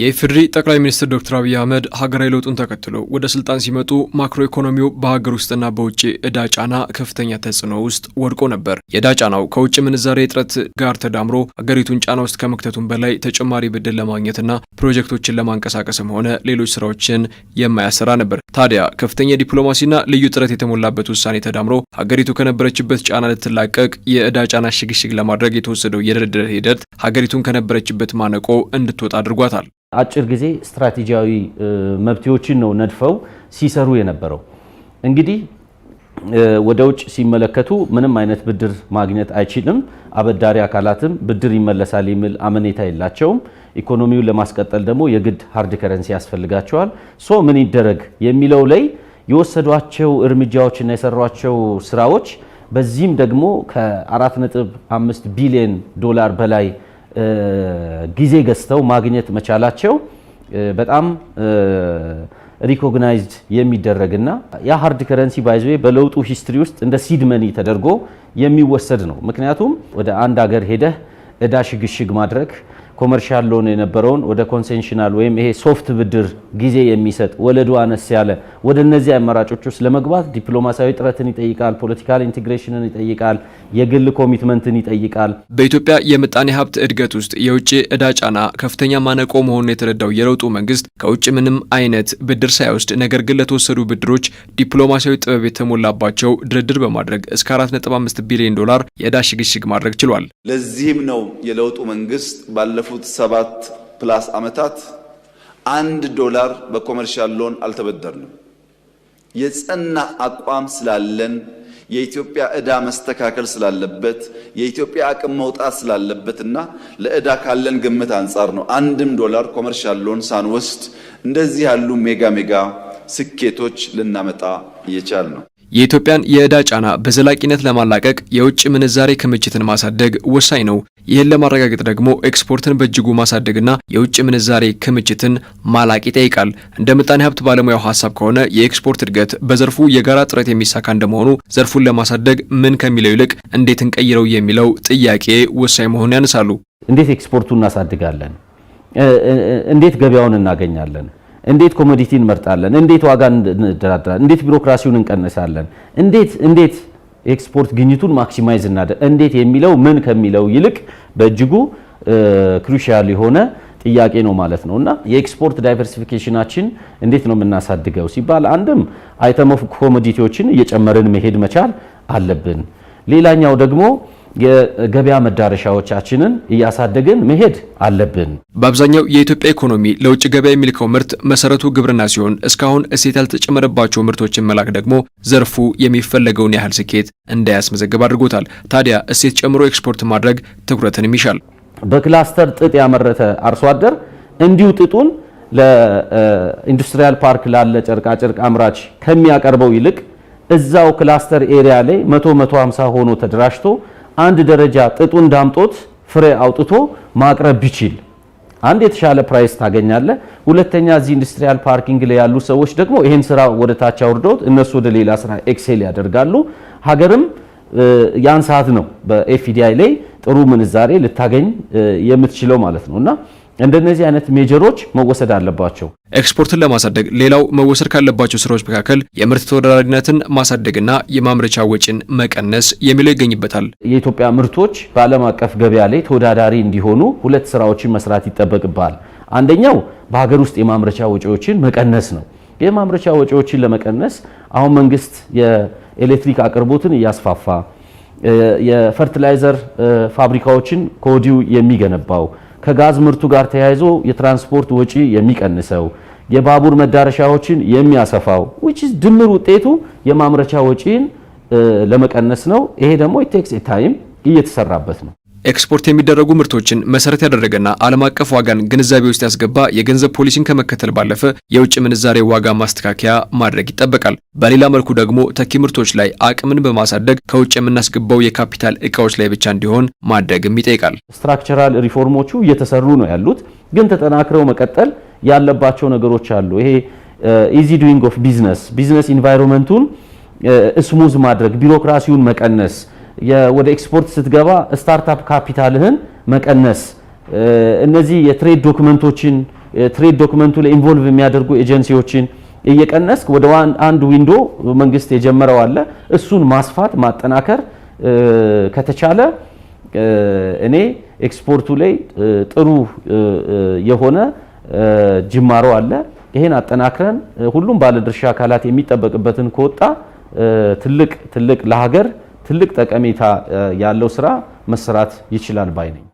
የኢፌዴሪ ጠቅላይ ሚኒስትር ዶክተር አብይ አህመድ ሀገራዊ ለውጡን ተከትሎ ወደ ስልጣን ሲመጡ ማክሮ ኢኮኖሚው በሀገር ውስጥና በውጭ እዳ ጫና ከፍተኛ ተጽዕኖ ውስጥ ወድቆ ነበር። የእዳ ጫናው ከውጭ ምንዛሬ እጥረት ጋር ተዳምሮ ሀገሪቱን ጫና ውስጥ ከመክተቱም በላይ ተጨማሪ ብድር ለማግኘትና ፕሮጀክቶችን ለማንቀሳቀስም ሆነ ሌሎች ስራዎችን የማያሰራ ነበር። ታዲያ ከፍተኛ ዲፕሎማሲና ልዩ ጥረት የተሞላበት ውሳኔ ተዳምሮ ሀገሪቱ ከነበረችበት ጫና ልትላቀቅ የእዳ ጫና ሽግሽግ ለማድረግ የተወሰደው የድርድር ሂደት ሀገሪቱን ከነበረችበት ማነቆ እንድትወጣ አድርጓታል። አጭር ጊዜ ስትራቴጂያዊ መብቴዎችን ነው ነድፈው ሲሰሩ የነበረው። እንግዲህ ወደ ውጭ ሲመለከቱ ምንም አይነት ብድር ማግኘት አይችልም፣ አበዳሪ አካላትም ብድር ይመለሳል የሚል አመኔታ የላቸውም። ኢኮኖሚውን ለማስቀጠል ደግሞ የግድ ሃርድ ከረንሲ ያስፈልጋቸዋል። ሶ ምን ይደረግ የሚለው ላይ የወሰዷቸው እርምጃዎችና የሰሯቸው ስራዎች በዚህም ደግሞ ከ4.5 ቢሊዮን ዶላር በላይ ጊዜ ገዝተው ማግኘት መቻላቸው በጣም ሪኮግናይዝድ የሚደረግና ያ ሀርድ ከረንሲ ባይዘዌ በለውጡ ሂስትሪ ውስጥ እንደ ሲድ መኒ ተደርጎ የሚወሰድ ነው። ምክንያቱም ወደ አንድ ሀገር ሄደህ እዳ ሽግሽግ ማድረግ ኮመርሻል ሎን የነበረውን ወደ ኮንሴንሽናል ወይም ይሄ ሶፍት ብድር ጊዜ የሚሰጥ ወለዱ አነስ ያለ ወደ እነዚህ አማራጮች ውስጥ ለመግባት ዲፕሎማሲያዊ ጥረትን ይጠይቃል፣ ፖለቲካል ኢንቴግሬሽንን ይጠይቃል፣ የግል ኮሚትመንትን ይጠይቃል። በኢትዮጵያ የምጣኔ ሀብት እድገት ውስጥ የውጭ እዳ ጫና ከፍተኛ ማነቆ መሆኑን የተረዳው የለውጡ መንግስት ከውጭ ምንም አይነት ብድር ሳይወስድ ነገር ግን ለተወሰዱ ብድሮች ዲፕሎማሲያዊ ጥበብ የተሞላባቸው ድርድር በማድረግ እስከ 4.5 ቢሊዮን ዶላር የእዳ ሽግሽግ ማድረግ ችሏል። ለዚህም ነው የለውጡ መንግስት ባለፈው ባለፉት ሰባት ፕላስ ዓመታት አንድ ዶላር በኮመርሻል ሎን አልተበደርንም። የጸና አቋም ስላለን የኢትዮጵያ ዕዳ መስተካከል ስላለበት የኢትዮጵያ አቅም መውጣት ስላለበትና ለዕዳ ካለን ግምት አንጻር ነው። አንድም ዶላር ኮመርሻል ሎን ሳንወስድ እንደዚህ ያሉ ሜጋ ሜጋ ስኬቶች ልናመጣ እየቻል ነው። የኢትዮጵያን የዕዳ ጫና በዘላቂነት ለማላቀቅ የውጭ ምንዛሬ ክምችትን ማሳደግ ወሳኝ ነው። ይህን ለማረጋገጥ ደግሞ ኤክስፖርትን በእጅጉ ማሳደግና የውጭ ምንዛሬ ክምችትን ማላቅ ይጠይቃል። እንደ ምጣኔ ሀብት ባለሙያው ሀሳብ ከሆነ የኤክስፖርት እድገት በዘርፉ የጋራ ጥረት የሚሳካ እንደመሆኑ ዘርፉን ለማሳደግ ምን ከሚለው ይልቅ እንዴት እንቀይረው የሚለው ጥያቄ ወሳኝ መሆኑን ያነሳሉ። እንዴት ኤክስፖርቱ እናሳድጋለን? እንዴት ገበያውን እናገኛለን? እንዴት ኮሞዲቲ እንመርጣለን፣ እንዴት ዋጋ እንደራደራለን፣ እንዴት ቢሮክራሲውን እንቀንሳለን፣ እንዴት እንዴት ኤክስፖርት ግኝቱን ማክሲማይዝ እናደርግ፣ እንዴት የሚለው ምን ከሚለው ይልቅ በእጅጉ ክሩሻል የሆነ ጥያቄ ነው ማለት ነው። እና የኤክስፖርት ዳይቨርሲፊኬሽናችን እንዴት ነው የምናሳድገው ሲባል አንድም አይተም ኦፍ ኮሞዲቲዎችን እየጨመርን መሄድ መቻል አለብን። ሌላኛው ደግሞ የገበያ መዳረሻዎቻችንን እያሳደግን መሄድ አለብን። በአብዛኛው የኢትዮጵያ ኢኮኖሚ ለውጭ ገበያ የሚልከው ምርት መሰረቱ ግብርና ሲሆን እስካሁን እሴት ያልተጨመረባቸው ምርቶችን መላክ ደግሞ ዘርፉ የሚፈለገውን ያህል ስኬት እንዳያስመዘግብ አድርጎታል። ታዲያ እሴት ጨምሮ ኤክስፖርት ማድረግ ትኩረትንም ይሻል። በክላስተር ጥጥ ያመረተ አርሶ አደር እንዲሁ ጥጡን ለኢንዱስትሪያል ፓርክ ላለ ጨርቃጨርቅ አምራች ከሚያቀርበው ይልቅ እዛው ክላስተር ኤሪያ ላይ መቶ መቶ ሃምሳ ሆኖ ተደራጅቶ አንድ ደረጃ ጥጡን ዳምጦት ፍሬ አውጥቶ ማቅረብ ቢችል አንድ የተሻለ ፕራይስ ታገኛለ። ሁለተኛ እዚህ ኢንዱስትሪያል ፓርኪንግ ላይ ያሉ ሰዎች ደግሞ ይህን ስራ ወደ ታች አውርደውት እነሱ ወደ ሌላ ስራ ኤክሴል ያደርጋሉ። ሀገርም ያን ሰዓት ነው በኤፍዲአይ ላይ ጥሩ ምንዛሬ ልታገኝ የምትችለው ማለት ነው እና እንደነዚህ አይነት ሜጀሮች መወሰድ አለባቸው። ኤክስፖርትን ለማሳደግ ሌላው መወሰድ ካለባቸው ስራዎች መካከል የምርት ተወዳዳሪነትን ማሳደግና የማምረቻ ወጪን መቀነስ የሚለው ይገኝበታል። የኢትዮጵያ ምርቶች በዓለም አቀፍ ገበያ ላይ ተወዳዳሪ እንዲሆኑ ሁለት ስራዎችን መስራት ይጠበቅባል። አንደኛው በሀገር ውስጥ የማምረቻ ወጪዎችን መቀነስ ነው። የማምረቻ ወጪዎችን ለመቀነስ አሁን መንግስት የኤሌክትሪክ አቅርቦትን እያስፋፋ የፈርቲላይዘር ፋብሪካዎችን ከወዲሁ የሚገነባው ከጋዝ ምርቱ ጋር ተያይዞ የትራንስፖርት ወጪ የሚቀንሰው የባቡር መዳረሻዎችን የሚያሰፋው which is ድምር ውጤቱ የማምረቻ ወጪን ለመቀነስ ነው። ይሄ ደግሞ it takes እየተሰራበት ነው። ኤክስፖርት የሚደረጉ ምርቶችን መሰረት ያደረገና ዓለም አቀፍ ዋጋን ግንዛቤ ውስጥ ያስገባ የገንዘብ ፖሊሲን ከመከተል ባለፈ የውጭ ምንዛሬ ዋጋ ማስተካከያ ማድረግ ይጠበቃል። በሌላ መልኩ ደግሞ ተኪ ምርቶች ላይ አቅምን በማሳደግ ከውጭ የምናስገባው የካፒታል እቃዎች ላይ ብቻ እንዲሆን ማድረግም ይጠይቃል። ስትራክቸራል ሪፎርሞቹ እየተሰሩ ነው ያሉት፣ ግን ተጠናክረው መቀጠል ያለባቸው ነገሮች አሉ። ይሄ ኢዚ ዱዊንግ ኦፍ ቢዝነስ ቢዝነስ ኢንቫይሮንመንቱን ስሙዝ ማድረግ፣ ቢሮክራሲውን መቀነስ ወደ ኤክስፖርት ስትገባ ስታርታፕ ካፒታልህን መቀነስ፣ እነዚህ የትሬድ ዶክመንቶችን ትሬድ ዶክመንቱ ላይ ኢንቮልቭ የሚያደርጉ ኤጀንሲዎችን እየቀነስክ ወደ አንድ ዊንዶ መንግስት የጀመረው አለ። እሱን ማስፋት ማጠናከር ከተቻለ እኔ ኤክስፖርቱ ላይ ጥሩ የሆነ ጅማሮ አለ። ይሄን አጠናክረን ሁሉም ባለድርሻ አካላት የሚጠበቅበትን ከወጣ ትልቅ ትልቅ ለሀገር ትልቅ ጠቀሜታ ያለው ስራ መስራት ይችላል ባይ ነኝ።